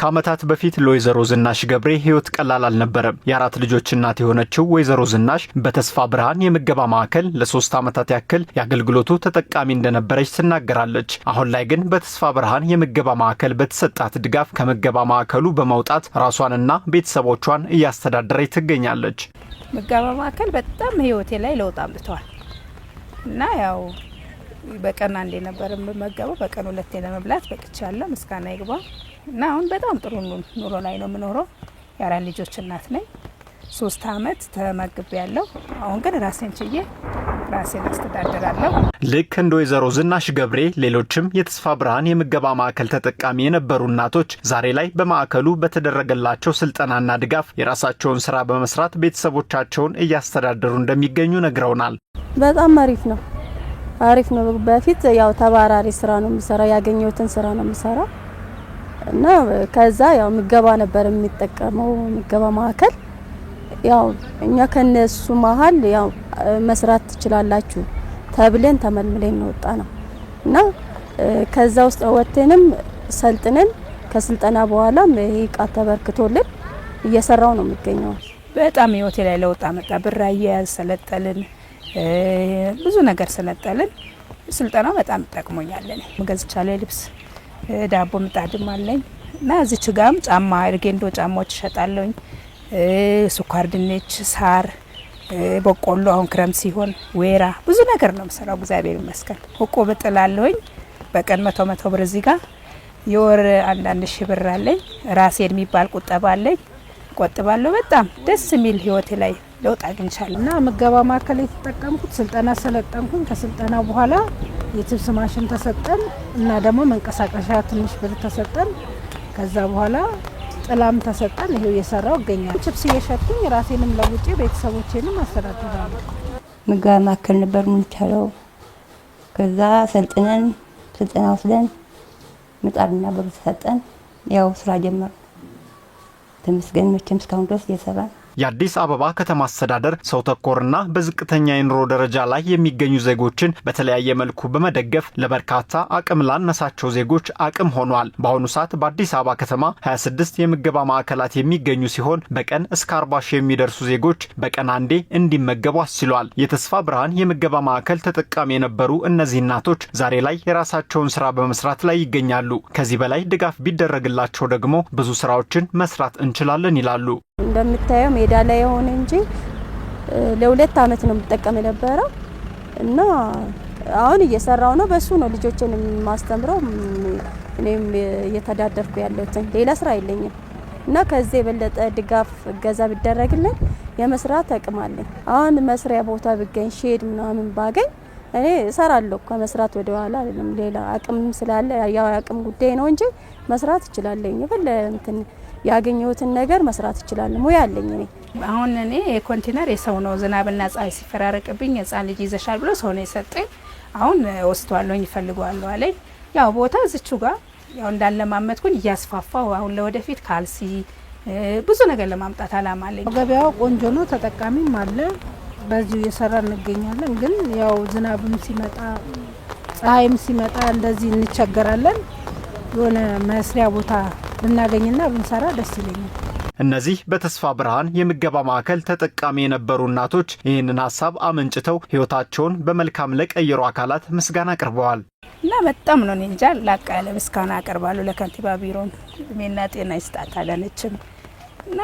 ከዓመታት በፊት ለወይዘሮ ዝናሽ ገብሬ ህይወት ቀላል አልነበረም። የአራት ልጆች እናት የሆነችው ወይዘሮ ዝናሽ በተስፋ ብርሃን የምገባ ማዕከል ለሶስት ዓመታት ያክል የአገልግሎቱ ተጠቃሚ እንደነበረች ትናገራለች። አሁን ላይ ግን በተስፋ ብርሃን የምገባ ማዕከል በተሰጣት ድጋፍ ከምገባ ማዕከሉ በመውጣት ራሷንና ቤተሰቦቿን እያስተዳደረች ትገኛለች። ምገባ ማዕከል በጣም ህይወቴ ላይ ለውጥ አምጥተዋል እና ያው በቀን አንዴ ነበር የምመገበው፣ በቀን ሁለቴ ለመብላት በቅቻለሁ። ምስጋና ይግባ እና አሁን በጣም ጥሩ ኑሮ ላይ ነው የምኖረው። የአራት ልጆች እናት ነኝ። ሶስት አመት ተመግብ ያለው አሁን ግን ራሴን ችዬ ራሴን አስተዳደራለሁ። ልክ እንደ ወይዘሮ ዝናሽ ገብሬ ሌሎችም የተስፋ ብርሃን የምገባ ማዕከል ተጠቃሚ የነበሩ እናቶች ዛሬ ላይ በማዕከሉ በተደረገላቸው ስልጠናና ድጋፍ የራሳቸውን ስራ በመስራት ቤተሰቦቻቸውን እያስተዳደሩ እንደሚገኙ ነግረውናል። በጣም አሪፍ ነው፣ አሪፍ ነው። በፊት ያው ተባራሪ ስራ ነው የምሰራው፣ ያገኘሁትን ስራ ነው የምሰራው እና ከዛ ያው ምገባ ነበር የሚጠቀመው ምገባ ማዕከል ያው እኛ ከነሱ መሀል ያው መስራት ትችላላችሁ ተብለን ተመልምለን ወጣ ነው እና ከዛ ውስጥ ወጥተንም ሰልጥነን ከስልጠና በኋላም ይሄ እቃ ተበርክቶልን እየሰራው ነው የሚገኘው። በጣም ህይወቴ ላይ ለውጥ አመጣ። ብር አያያዝ ሰለጠልን፣ ብዙ ነገር ሰለጠልን። ስልጠናው በጣም ጠቅሞኛለን። ገዝቻለሁ ልብስ ዳቦ ምጣድም አለኝ እና እዚች ጋም ጫማ ርጌንዶ ጫማዎች እሸጣለሁኝ። ስኳር ድንች፣ ሳር፣ በቆሎ አሁን ክረምት ሲሆን ወይራ ብዙ ነገር ነው ምሰራው። እግዚአብሔር ይመስገን። እቁብ እጥላለሁኝ በቀን መቶ መቶ ብር እዚህ ጋር የወር አንዳንድ ሺ ብር አለኝ። ራሴ የሚባል ቁጠባ አለኝ። ቆጥባለሁ። በጣም ደስ የሚል ህይወቴ ላይ ለውጥ አግኝቻል እና ምገባ ማዕከል የተጠቀምኩት ስልጠና ሰለጠንኩኝ። ከስልጠና በኋላ የችብስ ማሽን ተሰጠን እና ደግሞ መንቀሳቀሻ ትንሽ ብር ተሰጠን። ከዛ በኋላ ጥላም ተሰጠን። ይሄው እየሰራው እገኛለሁ። ችብስ እየሸጥኩኝ ራሴንም ለውጭ ቤተሰቦቼንም አስተዳድራለሁ። ምገባ ማዕከል ነበር የምንቻለው። ከዛ ሰልጥነን ስልጠና ወስደን ምጣድና ብር ተሰጠን። ያው ስራ ጀመር። ተመስገን መቼም እስካሁን ድረስ እየሰራን የአዲስ አበባ ከተማ አስተዳደር ሰው ተኮርና በዝቅተኛ የኑሮ ደረጃ ላይ የሚገኙ ዜጎችን በተለያየ መልኩ በመደገፍ ለበርካታ አቅም ላነሳቸው ዜጎች አቅም ሆኗል። በአሁኑ ሰዓት በአዲስ አበባ ከተማ 26 የምገባ ማዕከላት የሚገኙ ሲሆን በቀን እስከ 40 ሺህ የሚደርሱ ዜጎች በቀን አንዴ እንዲመገቡ አስችሏል። የተስፋ ብርሃን የምገባ ማዕከል ተጠቃሚ የነበሩ እነዚህ እናቶች ዛሬ ላይ የራሳቸውን ስራ በመስራት ላይ ይገኛሉ። ከዚህ በላይ ድጋፍ ቢደረግላቸው ደግሞ ብዙ ስራዎችን መስራት እንችላለን ይላሉ። እንደምታየው ሜዳ ላይ የሆነ እንጂ ለሁለት አመት ነው የምጠቀም የነበረው እና አሁን እየሰራው ነው። በሱ ነው ልጆችንም ማስተምረው እኔም እየተዳደርኩ ያለሁትን ሌላ ስራ የለኝም እና ከዚህ የበለጠ ድጋፍ እገዛ ብደረግልን የመስራት አቅም አለኝ። አሁን መስሪያ ቦታ ብገኝ ሼድ ምናምን ባገኝ እኔ እሰራለሁ። ከመስራት ወደ ኋላ አይደለም። ሌላ አቅም ስላለ ያው አቅም ጉዳይ ነው እንጂ መስራት እችላለሁ። የፈለ እንትን ያገኘሁትን ነገር መስራት እችላለሁ። ሙያ አለኝ እኔ። አሁን እኔ የኮንቴነር የሰው ነው። ዝናብና ፀሐይ ሲፈራረቅብኝ ህፃን ልጅ ይዘሻል ብሎ ሰው ነው የሰጠኝ። አሁን ወስቷለሁኝ ይፈልገዋለሁ አለኝ። ያው ቦታ እዝቹ ጋር ያው እንዳለማመትኩኝ እያስፋፋው አሁን ለወደፊት ካልሲ ብዙ ነገር ለማምጣት አላማ አለኝ። ገበያው ቆንጆ ነው፣ ተጠቃሚም አለ። በዚሁ እየሰራ እንገኛለን። ግን ያው ዝናብም ሲመጣ ፀሐይም ሲመጣ እንደዚህ እንቸገራለን። የሆነ መስሪያ ቦታ ብናገኝና ብንሰራ ደስ ይለኛል። እነዚህ በተስፋ ብርሃን የምገባ ማዕከል ተጠቃሚ የነበሩ እናቶች ይህንን ሀሳብ አመንጭተው ህይወታቸውን በመልካም ለቀየሩ አካላት ምስጋና አቅርበዋል። እና በጣም ነው እንጃ ላቅ ያለ ምስጋና አቀርባሉ ለከንቲባ ቢሮን እድሜና ጤና ይስጣት አለንችም እና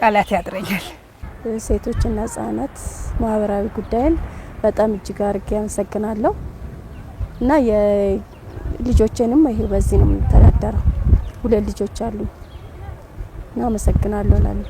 ቃላት ያጥረኛል። ሴቶችና ህጻናት ማህበራዊ ጉዳይን በጣም እጅግ አድርጌ አመሰግናለሁ እና የልጆቼንም ይሄ በዚህ ነው የምተዳደረው። ሁለት ልጆች አሉ። እናመሰግናለሁ ላሉ